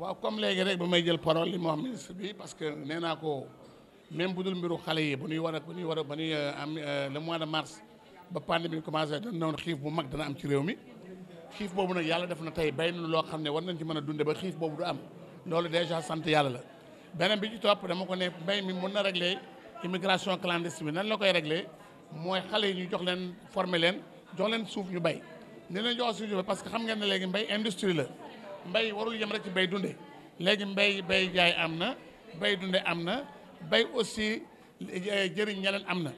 waaw comme léegi rek ba may jël parole li mu wax ministre bi parce que nee naa ko même bu dul mbiru xale yi bu ñuy war a ba ñuy war a ba ñuy am le mois de mars ba pandémie commencé dañ noon xiif bu mag dana am ci réew mi xiif boobu nag yàlla def na tey bay na loo xam ne war nañ ci mën a dunde ba xiif boobu du am loolu déjà sant yàlla la beneen bi ci topp dama ko ne mbay mi mën na régler immigration clandestine bi nan la koy régler mooy xale yi ñu jox leen former leen jox leen suuf ñu bay ne leen jox suuf ñu bay parce que xam ngeen ne léegi mbay industrie la mbay warul yem rek ci bay dunde léegi mbay bay jaay am na bay dunde am na bay aussi eh, jëriñ ñeneen am na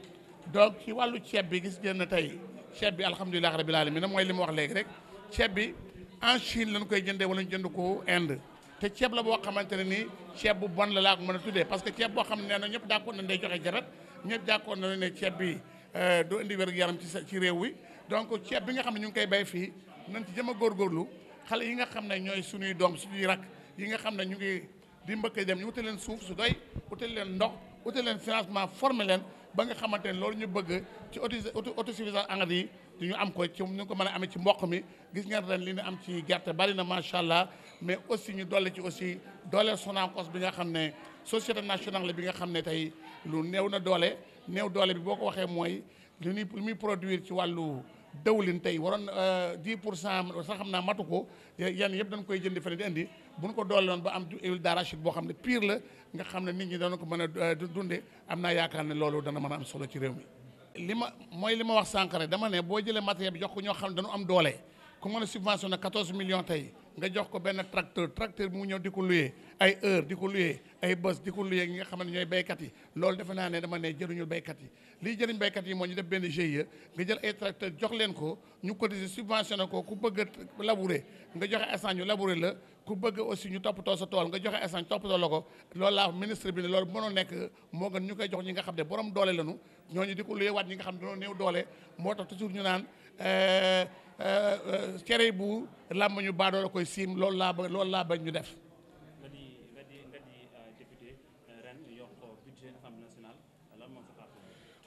donc ci wàllu ceeb bi gis ngeen na tey ceeb bi alhamdulilah rabil ne mooy li mu wax léegi rek ceeb bi en Chine lañ koy jëndee wala ñu jënd ko Inde te ceeb la boo xamante ne nii ceeb bu bon la laa ko mën a tuddee parce que ceeb boo xam ne na ñëpp d'accord nañ day joxe jarat ñëpp d'accord nañ ne ceeb bi eh, doo indi wér-gu-yaram ci ci réew wi donc ceeb bi nga xam ne ñu ngi koy bay fii nañ ci jëm a góorgóorlu xale yi nga xam ne ñooy suñuy doom suñuy rak yi nga xam ne ñu ngi di mbëkk dem ñu utal leen suuf su doy utal leen ndox utal leen financement formé leen ba nga xamante ne loolu ñu bëgg ci auto autosuffisance engrais yi di ñu am ko ci ñu ko mën a amee ci mboq mi gis ngeen ren li ñu am ci gerte bari na macha allah mais aussi ñu doole ci aussi dooleel Sonacos bi nga xam ne société nationale la bi nga xam ne tey lu néew na doole néew doole bi boo ko waxee mooy lu ñuy muy produire ci wàllu. dawlin tey waroon 10 euh, pour cent sa xam naa matu ko yan yëpp dañ koy jëndi fële di indi bu ñu ko doole woon ba am huile d'arachide boo xam ne pire la nga xam ne nit ñi dana ko mën a euh, dunde am naa yaakaar ne loolu dana mën a am solo ci réew mi li ma mooy li ma wax sànq dama ne boo jëlee matériel bi jox ko ñoo xam ne dañu am doole ku mën a subventionné 14 million tey nga jox ko benn tracteur tracteur bi mu ñëw di ko luyee ay heure di ko luyee ay bés di ko luyee nga xam ne ñooy béykat yi loolu defe naa ne dama ne jëriñul béykat yi lii jëriñ baykat yi moo ñu def benn GIE nga jël ay tracteur jox leen ko ñu cotiser subventionné ko ku bëgg a labourer nga joxe instant ñu labourer la ku bëgg aussi ñu toppatoo sa tool nga joxe instant toppatoo la ko loolu laa ministre bi ne loolu mënoo nekk moo gën ñu koy jox ñi nga xam ne borom doole lañu ñooñu di ko luyee waat ñi nga xam ne dañoo néew doole moo tax toujours ñu naan euh, euh, Euh, cere bu làmb ñu baadoo koy siim loolu laa ba loolu laa bañ ñu def.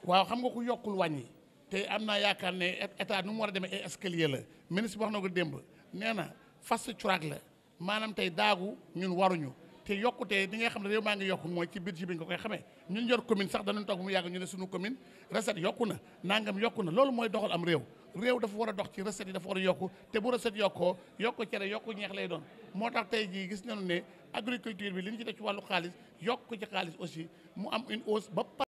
waaw xam nga ku yokkul wàññi te am naa yaakaar ne état nu mu war a demee ay escalier la ministre bi wax na ko démb nee na fast track la maanaam tey daagu ñun waruñu te yokkute di nga xam ne réew maa ngi yokk mooy ci budget bi nga koy xamee ñun yor commune sax danañ toog mu yàgg ñu ne suñu commune recette yokku na nangam yokku na loolu mooy doxal am réew réew dafa war a dox ci recette yi dafa war a yokku te bu recette yokkoo yokk cere yokku ñeex lay doon moo tax tey jii gis nañu ne agriculture bi li ñu ci def ci wàllu xaalis yokk ci xaalis aussi mu am une hausse ba